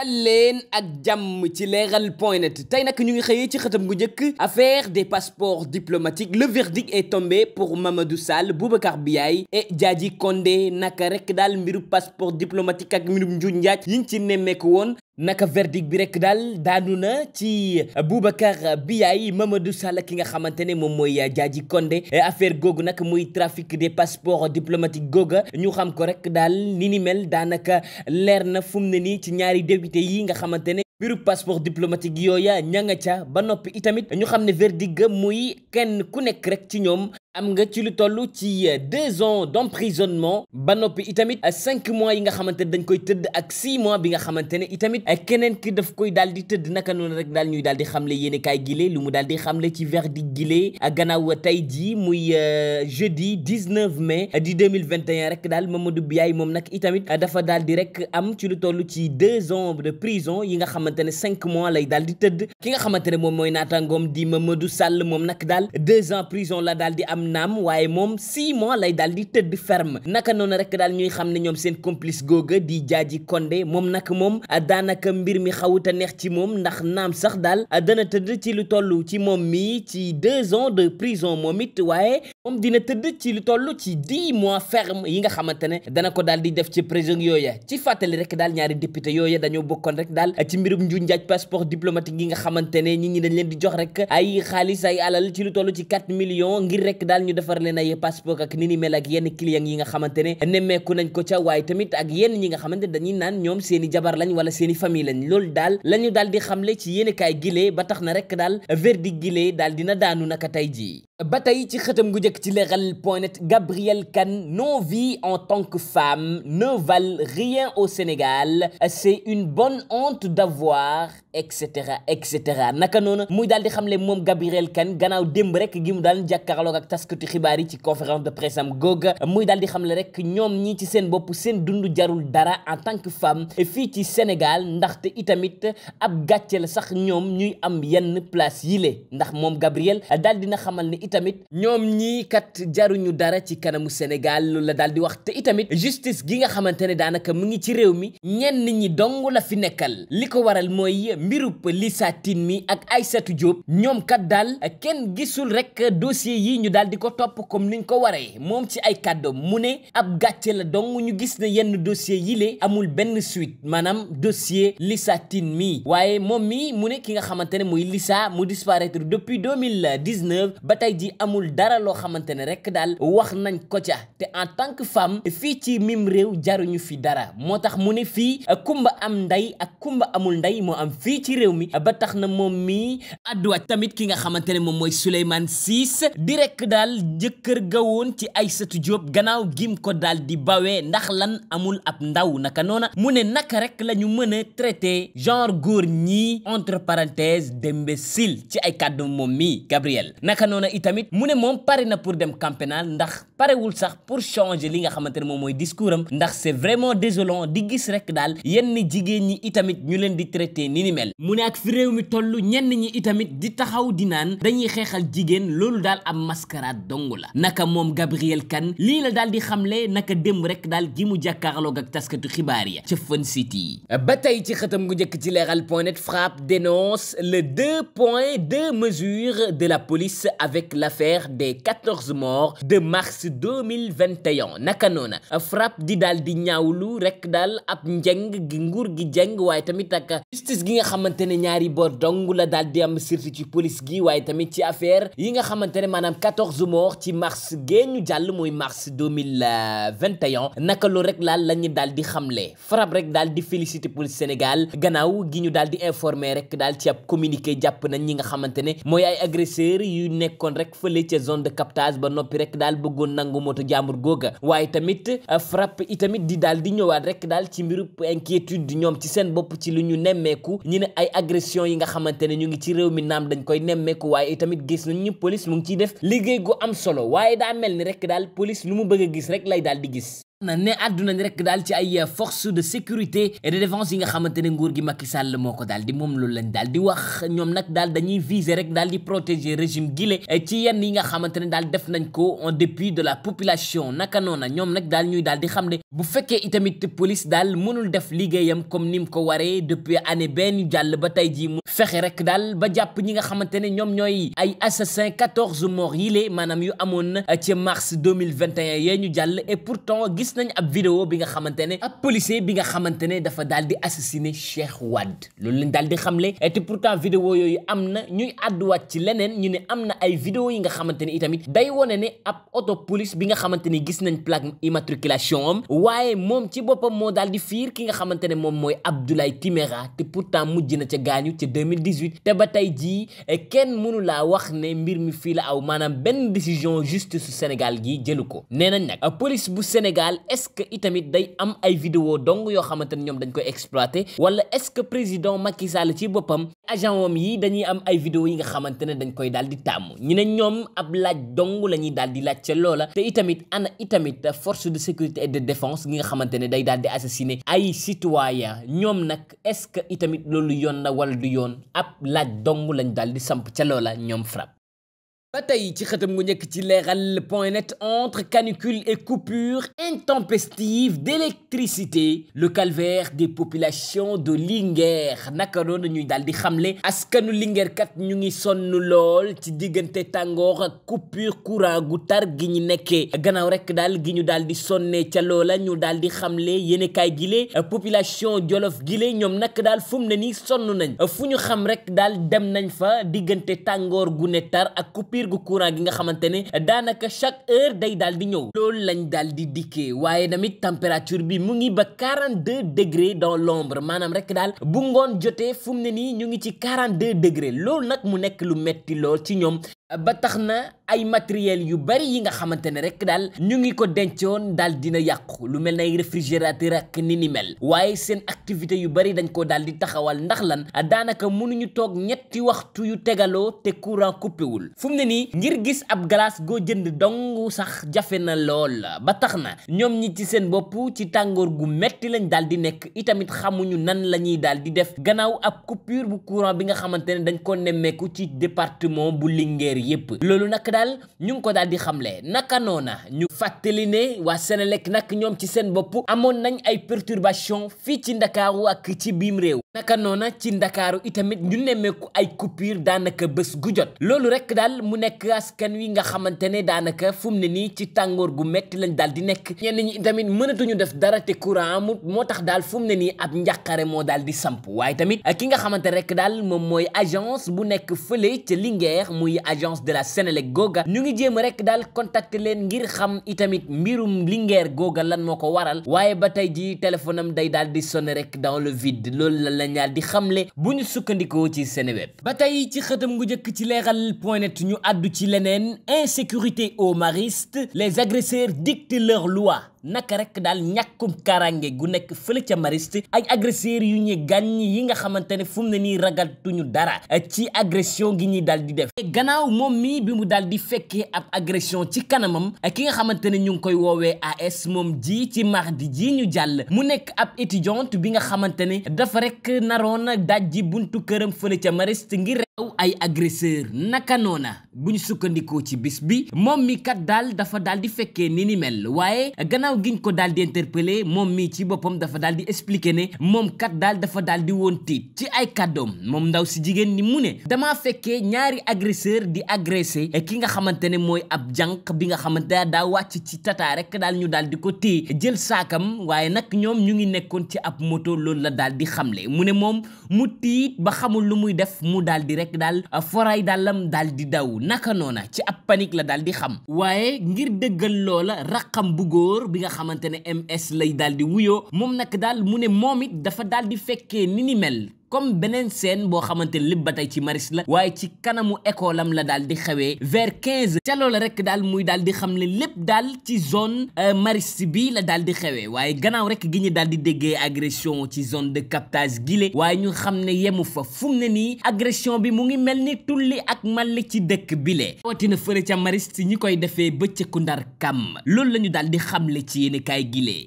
dal leen ak jàmm ci leeral point net tey nag ñu ngi xëyee ci xëtam gu njëkk affaire des passeports diplomatiques le verdict est tombé pour Mamadou Sall Boubacar Biaye et Diadji konde naka rek daal mbiru passeport diplomatique ak mbirum njuñ njaaj yi ñu ci nemmeeku woon naka verdict bi rek daal daanu na ci bi yaay Mamadou Sall ki nga xamante ne moom mooy Jaaji konde affaire googu nag muy trafic des passeports diplomatiques googa ñu xam ko rek daal ni ni mel daanaka leer na fu mu ne nii ci ñaari député yi nga xamante ne mbiru passeport diplomatique yooya ña nga ca ba noppi itamit ñu xam ne verdict ga muy kenn ku nekk rek ci ñoom am nga ci lu toll ci euh, deux ans d'emprisonnement ba noppi itamit euh, cinq mois yi nga xamante ne dañ koy tëdd ak six mois bi nga xamante ne itamit euh, keneen ki daf koy daal di tëdd naka noonu rek daal ñuy daal di xamle yéene kaay lu mu daal di xamle ci verdict gile gannaaw tey ji muy jeudi 19 mai di 2021 rek daal du Biaye moom nag itamit dafa daal di rek am ci lu toll ci deux ans de prison yi nga xamante ne cinq mois lay daal di tëdd ki nga xamante ne moom mooy naataangoom di Mamadou Sall moom nag daal deux ans prison la daal di am am naam waaye moom six mois lay daal di tëdd ferme naka noonu rek daal ñuy xam ne ñoom seen complice googa di jaaji Condé moom nag moom daanaka mbir mi xawuta neex ci moom ndax naam sax daal dana tëdd ci lu toll ci moom mi ci deux ans de prison moom it waaye moom dina tëdd ci lu toll ci dix mois ferme yi nga xamante ne dana ko daal di def ci prison yooya ci fàttali rek daal ñaari député yooya dañoo bokkoon rek daal ci mbirum njuñ njaaj passeport diplomatique yi nga xamante ne nit ñi dañ leen di jox rek ay xaalis ay daal ñu defar leen ay passeport ak ni ni mel ak yenn client yi nga xamante ne nemmeeku nañ ko ca waaye tamit ak yenn ñi nga xamante ne dañuy i jabar lañ wala daal di xamle ci yéen kaay gilee ba tax na rek daal verdict gilee daal dina daanu naka tey jii ba tey ci xëtam gu njëkk ci leral point net Gabrielle Kane non vie en tant que femme ne valent rien au Sénégal c'est une bonne honte d'avoir et cetera naka noonu muy daal di xamle moom Gabrielle Kane gannaaw démb rek gi mu daal jàkkaarloog taskati xibaar yi ci conférence de presse am googa muy daal di xam le rek ñoom ñii ci seen bopp seen dund jarul dara en tant que femme fii ci Sénégal ndaxte itamit ab gàcce la sax ñoom ñuy am yenn place yile ndax moom Gabriel daal dina xamal ne itamit ñoom ñii kat jaruñu dara ci kanamu Sénégal loolu la daal di wax te itamit justice gi nga xamante ne daanaka mu ngi ci réew mi ñenn ñi dong la fi nekkal li ko waral mooy mbirub Lissa Tine mi ak Aïssatou Diop ñoom kat daal kenn gisul rek dossier di ko topp comme niñ ko waree moom ci ay kàddoom mu ne ab gàcce la dong ñu gis ne yenn dossier yile amul benn suite maanaam dossier Lissa Tine mii waaye moom mii mu ne ki nga xamante ne muy Lissa mu disparaître depuis 2019 ba tey ji amul dara loo xamante ne rek daal wax nañ ko ca te en tant que femme fii ci mim réew jaruñu fi dara moo tax mu ne fii kumba am ndey ak kumba amul ndey moo am fii ci réew mi ba tax na moom mi adduwaat tamit ki nga xamante ne moom mooy Souleymane Ciss daal jëkkër ga woon ci Aysatu Jóob gannaaw gim ko daal di bawee ndax lan amul ab ndaw naka noona mu ne naka rek la ñu mën a traité genre góor ñi entre parenthèse d'imbécile ci ay kàddu moom mi Gabriel naka noona itamit mu ne moom pare na pour dem camp ndax parewul sax pour changer li nga xamante ne moom mooy discours am ndax c'est vraiment désolant di gis rek daal yenn jigéen ñi itamit ñu leen di traité ni ni mu ne ak fi réew mi toll ñenn ñi itamit di taxaw di naan dañuy xeexal jigéen xalaat dong la naka moom Gabriel Kane lii la daal di xamle naka démb rek daal gi mu jàkkaarloog ak taskatu xibaar ya ca Fun City ba tey ci xëtam gu njëkk ci leeral point net frappe dénonce le deux point deux mesures de la police avec l'affaire des de mars deux mille vingt et un naka noona frappe di daal di ñaawlu rek daal ab njëng gi nguur gi jëng waaye tamit ak justice gi nga xamante ne ñaari boor dong la daal di am surtout ci police gi waaye tamit ci affaire yi nga xamante Zumor ci mars gée ñu jàll muy mars 2021 naka lu rek laal la ñu daal di xamle FRAPP rek daal di félicité police Sénégal gannaaw gi ñu daal di informé rek daal ci ab communiqué jàpp nañ ñi nga xamante ne mooy ay agresseur yu nekkoon rek fële ca zone de captage ba noppi rek daal bëggoon nangu moto jàmbur googa waaye tamit euh, FRAPP itamit di daal di ñëwaat rek daal ci mbirub inquiétude ñoom ci seen bopp ci lu ñu nemmeeku ñi ne ay agression yi nga xamante ne ñu ngi ci réew mi naam dañ koy nemmeeku waaye itamit gis nañ ñu police mu ngi ciy def liggéey gu am solo waaye daa mel ni rek daal police lu mu bëgg a gis rek lay daal di gis ne àdduna ni rek daal ci ay eh, force de sécurité et de yi nga xamante ne nguur gi Macky Sall moo ko daal di moom loolu lañ daal di wax ñoom nag daal dañuy viser rek daal di protéger régime gile eh, ci yenn yi nga xamante ne daal def nañ ko en dépit de la population naka noona ñoom nag daal ñuy daal di xam ne bu fekkee itamit police daal mënul def liggéeyam comme ni mu ko waree depuis année benn jàll ba tey jii mu fexe rek daal ba jàpp ñi nga xamante ne ñoom ñooy ay assassin 14 morts yile maanaam yu amoon eh, ci mars 2021 yee ñu jàll et pourtant gis nañ ab vidéo bi nga xamante ne ab policier bi nga xamante ne dafa daal di assassiné Cheikh Wade loolu lañ daal di xamle et pourtant vidéo yooyu am na ñuy àdduwaat ci leneen ñu ne am na ay vidéo yi nga xamante ne itamit day wone ne ab auto police bi nga xamante ne gis nañ plaque immatriculation am waaye moom ci boppam moo daal di fiir ki nga xamante ne moom mooy Abdoulaye Timéra te pourtant mujj na ca gaañu ca 2018 te ba tey jii eh, kenn mënu laa wax ne mbir mi fii la aw maanaam benn décision justice su Sénégal gi jëlu ko nee nañ nag police bu Sénégal est-ce que itamit day am ay vidéo dong yoo xamante ne ñoom dañ koy exploité wala est-ce que président Macky Sall ci boppam agent wam yi dañuy am ay vidéo yi nga xamante ne dañ koy daal di tàmm ñu ne ñoom ab laaj dong la ñuy daal di laaj ca loola te itamit ana itamit force de sécurité de défense gi nga xamante ne day daal di assassiné ay citoyen ñoom nag est-ce que itamit loolu yoon na wala du yoon ab laaj dong lañ daal di samp ca loola ñoom frapp ba tey ci xëtam gu njëkk ci leeral point net entre canicule et coupure intempestive d'électricité le calvaire des populations de Linguère naka noonu ñuy daal di xamle askanu Linguère kat ñu ngi sonn lool ci diggante tàngoor ak coupure courant gu tar gi ñu nekkee gannaaw rek daal gi ñu daal di sonnee ca loola ñu daal di xamle yéenekaay gile population Jolof gile ñoom nag daal fu na ne nii sonn nañ fu ñu xam rek daal dem nañ fa diggante tàngoor gu ne coupure gu courant gi nga xamante ne daanaka chaque heure day daal di ñëw loolu lañ daal di dikkee waaye tamit température bi mu ngi ba 42 degré dans l'ombre maanaam rek daal bu ngoon jotee fu mu ne nii ñu ngi ci 42 degré loolu nag mu nekk lu metti lool ci ñoom ba tax na ay matériel yu bari yi nga xamante ne rek daal ñu ngi ko dencoon daal dina yàqu lu mel ne ay ak ni ni mel waaye seen activité yu bari dañ ko daal di taxawal ndax lan daanaka ñu toog ñetti waxtu yu tegaloo te courant coupé wul fu nii ngir gis ab galaas goo jënd dong sax jafe na lool ba tax na ñoom ñi ci seen bopp ci tàngoor gu metti lañ daal di nekk itamit xamuñu nan la ñuy daal di def gannaaw ab coupure bu courant bi nga xamante ne dañ ko nemmeeku ci département bu Linguère yépp loolu nag daal ñu ngi ko daal di xamle naka noona ñu fàttali ne waa lekk nag ñoom ci seen bopp amoon nañ ay perturbation fii ci ndakaaru ak ci biim réew naka noona ci ndakaaru itamit ñu nemmeeku ay coupure daanaka bës gu jot loolu rek daal mu nekk askan wi nga xamante ne daanaka fu ne nii ci tàngoor gu metti lañ daal di nekk ñenn ñi itamit mënatuñu def dara te courant amut moo tax daal fu mu ne nii ab njàqare moo daal di samp waaye tamit ki alliance de la googa ñu ngi jéem rek daal contacter leen ngir xam itamit mbirum Linguère googa lan moo ko waral waaye ba tey ji téléphone am day daal di sonné rek dans le vide loolu la la ñaal di xamle bu ñu sukkandikoo ci Seneweb ba tey ci xëtam gu njëkk ci leeral point net ñu àddu ci leneen insécurité au mariste les agresseurs dictent leur loi naka rek daal ñàkkum karange gu nekk fële ca mariste ak agresseur yu ñu gàññ yi nga xamante ne fu mu ne nii ragaltuñu dara ci agression gi ñuy daal di def gannaaw moom mii bi mu daal di fekkee ab agression ci kanamam ak ki nga xamante ne ñu ngi koy woowee AS moom ji ci mardi ji ñu jàll mu nekk ab étudiante bi nga xamante ne dafa rek naroon dajji buntu këram fële ca mariste ngir aw ay agresseur naka noona bu ñu sukkandikoo ci bis bi moom mii kat daal dafa daal di fekkee ni ni mel waaye gannaaw giñ ko dal di interpellé moom mii ci boppam dafa daal di expliqué ne moom kat daal dafa daal di woon tiit ci ay kàddoom moom ndaw si jigéen ni mu ne damaa fekkee ñaari agresseur di agressé ki nga xamante ne mooy ab jànq bi nga xamante daa wàcc ci tata rekk daal ñu dal di ko téye jël saakam waaye nag ñoom ñu ngi nekkoon ci ab moto loolu la daal di xamle mu ne moom mu ba xamul lu muy def mu daal rek daal foray dàllam daal di daw naka noona ci ab panique la daal di xam waaye ngir dëggal loola raqam bu góor bi nga xamante ne ms lay daal di wuyoo moom nag daal mu ne moom it dafa daal di fekkee ni ni mel comme beneen scène boo xamante ne lépp ba tey ci Maris la waaye ci kanamu école am la daal di xewee vers 15 ca loola rek daal muy daal di xam ne lépp daal ci zone euh, Maris bi la daal di xewee waaye gannaaw rek gi ñu daal di déggee agression ci zone de captage gile waaye ñu xam ne yemu fa fu ne nii agression bi mu ngi mel ni tulli ak malli ci dëkk bile rawatina fële ca Maris si ñi koy defee bëccëku ndar kàmm loolu la ñu daal di xamle ci yéen kaay gile